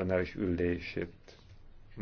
plenáris ülését.